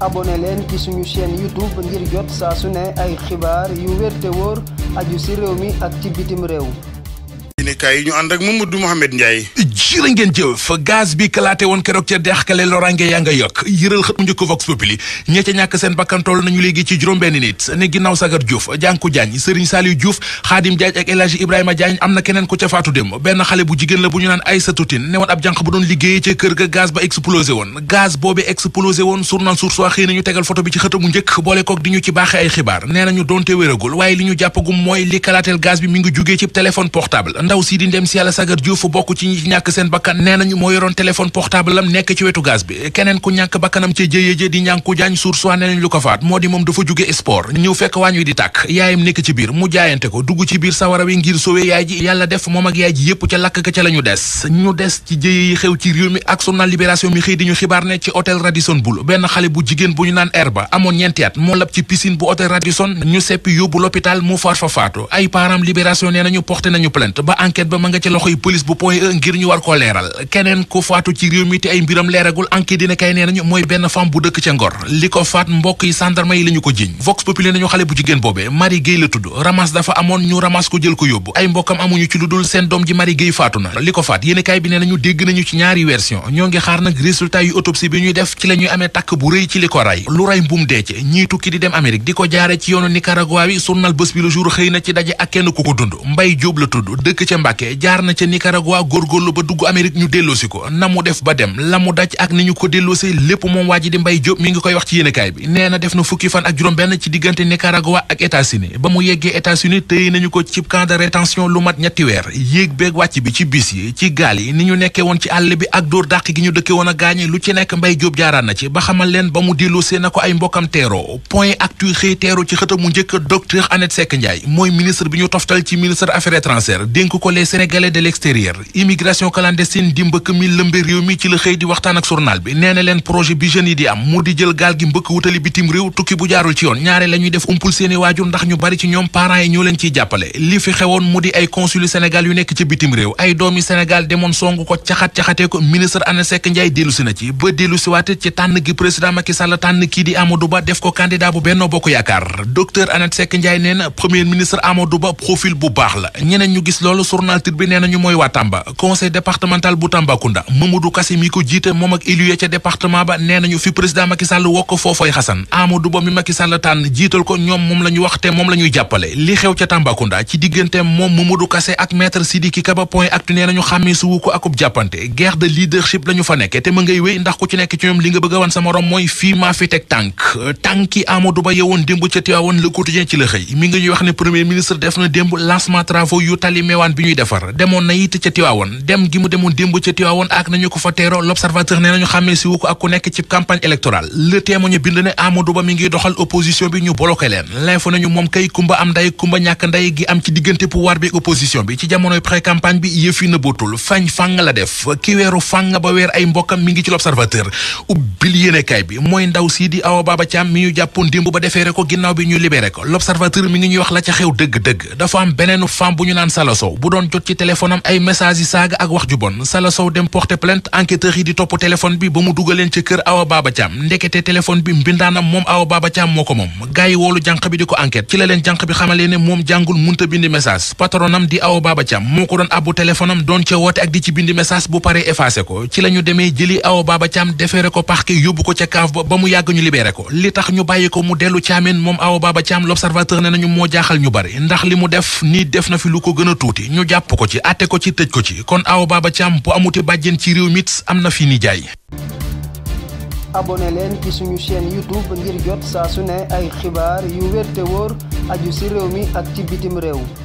abonné leen ci seen chaîne YouTube ngir jot saa su ne ay xibaar yu wér te wóor aju ci réew mi ak ci bitim réew. yéenekaay yi ñu ànd ak Mamadou Mouhamed Ndiaye. jërë ngeen jëf gaz bi kalaate woon keroog ca deexkale lorange yaa nga yokk yëral xët njëkk ci juróom-benn nit ne ginnaaw Sagar Diouf Jànku Jaañ Sëriñ Saliou Diouf na keneen ku ca faatu dem benn xale bu la bu ñu naan Aïssatou Tine ne woon ga gaz ba explosé woon gaz boobu explosé woon journal Source bi ci xët mu njëkk boole kook di ñu ci baaxe ay xibaar nee nañu donte wéragul waaye li ñu jàppagum mooy li kalaateel gaz bi mi ngi jugee ci téléphone portable ndaw si di ndem si yàlla Sagar Diouf bokk ci ñi ñàkk seen bakkan nee nañu moo yoroon téléphone portable nekk ci wetu gaz bi keneen ku ñàkk bakkanam ci jëye jë di ñànku jaañ suur soi nee nañ moo di moom dafa jóge sport ñëw fekk ngir ñu xibaar ne ci hôtel Radisson Blu benn xale bu jigéen bu ñu naan Erba amoon ñeenti moo lab ci piscine bu hôtel Radisson ñu seppi yóbbu l'hôpital mu far fa faatu ay parents Libération nee nañu porté nañu plainte ba enquête ba ma nga ci loxoy police bu Point e ngir war ko leeral keneen ku faatu ci réew mi te ay mbiram leeragul enquête dina kay nee nañu mooy benn femme bu dëkk ca Ngor li ko faat mbokk yi gendarme yi la ko jiñ Vox Populi nañu xale bu jigéen boobee Marie Gueye la tudd ramas dafa amoon ñu ramas ko jël ko yóbbu ay mbokkam amuñu ci lu dul seen doom ji Marie Gueye faatu na li ko faat yéen bi nee nañu dégg nañu ci ñaari version ñoo ngi xaar nag résultat yu autopsie bi ñuy def ci la ñuy takk bu rëy ci li dugg Amérique ñu delloosi ko na mu def ba dem la mu daj ak ni ñu ko delloosee lépp moom waa ji di mbay Diop mi ngi koy wax ci yéenekaay bi nee na def na fukki fan ak juróom-benn ci diggante Nicaragua ak États-Unis ba mu yeggee États-Unis nañu ko ci camp de rétention lu mat ñetti weer yéeg beeg wàcc bi ci bis yi ci gaal yi ni ñu nekkee woon ci àll bi ak dóor dàq gi ñu dëkke woon a gaañe lu ci nekk Mbaye Diop jaaraan na ci ba xamal leen ba mu delloosee na ko ay mbokkam teeroo point actu ci xëta mu njëkk docteur Annette Seck mooy ministre bi ñu toftal ci ministre affaires étrangères dénk ko les sénégalais de l'extérieur immigration clandestine di mbëkk mi lëmbe réew mi ci la xëy di waxtaan ak journal bi nee ñu bari ci ba dellu départemental bu Tambacounda Mamadou Kassé mi ko jiite moom ak élu ya ca département ba nee nañu fi président Macky Sall wokk foofooy xasan Amadou Ba mi Macky tànn jiital ko ñoom moom la ñu wax te moom la ñuy jàppale li xew ca Tambacounda ci diggante moom Mamadou Kassé ak maître Sidiki Kaba point actu nee nañu xàmmee suwu ko akub jàppante guerre de leadership la ñu fa nekke te ma ngay wéy ndax ku ci nekk ci ñoom li nga bëgg a wan sa morom mooy fii maa fi teg tànk euh, tànki Amadou Ba yewoon démb ca Tivaouane Le Quotidien ci la xëy ñuy wax ne premier ministre def na démb lancement travaux yu tali meewaan bi ñuy defar demoon na it ca Tivaouane gi mu demoon démb ca Tiwaawoon ak nañu ko fa teeroo l'observateur nee nañu xàmmee si ko ak ku nekk ci campagne électorale le témoin ñu bind ne Amadou Ba mi ngi doxal opposition bi ñu bloqué leen nañu moom kay kumba am nday kumba ñàkk nday gi am ci diggante pouvoir bi opposition bi ci jamonoy pré campagne bi yëf yi fañ fàng la def ki weeru fàng ba weer ay mbokkam mi ngi ci l'observateur ubbil yéenekaay bi mooy ndaw sii Awa Baba Thiam wax ju bon Sala Sow dem porter plainte enquêteurs yi di topp téléphone bi ba mu dugaleen ci kër Awa Baba ndekete téléphone bi mbindaanam moom Awa Baba moo ko moom gars woolu jànq bi di ko enquête ci la leen jànq bi xamalee ne moom jàngul munta bindi message patronam di Awa Baba moo ko doon abbu téléphone doon ca woote ak di ci bindi message bu paree effacé ko ci la demee jëli Awa Baba defeere ko parquet yóbbu ko ca kaaf ba ba mu yàgg a tuuti ñu jàpp Baba Thiam bu amuti ci réew mit am na fi ni jaay leen ci suñu chaîne youtube ngir jot saa su ne ay xibaar yu wér wor wóor aju si réew mi ak ci bitim réew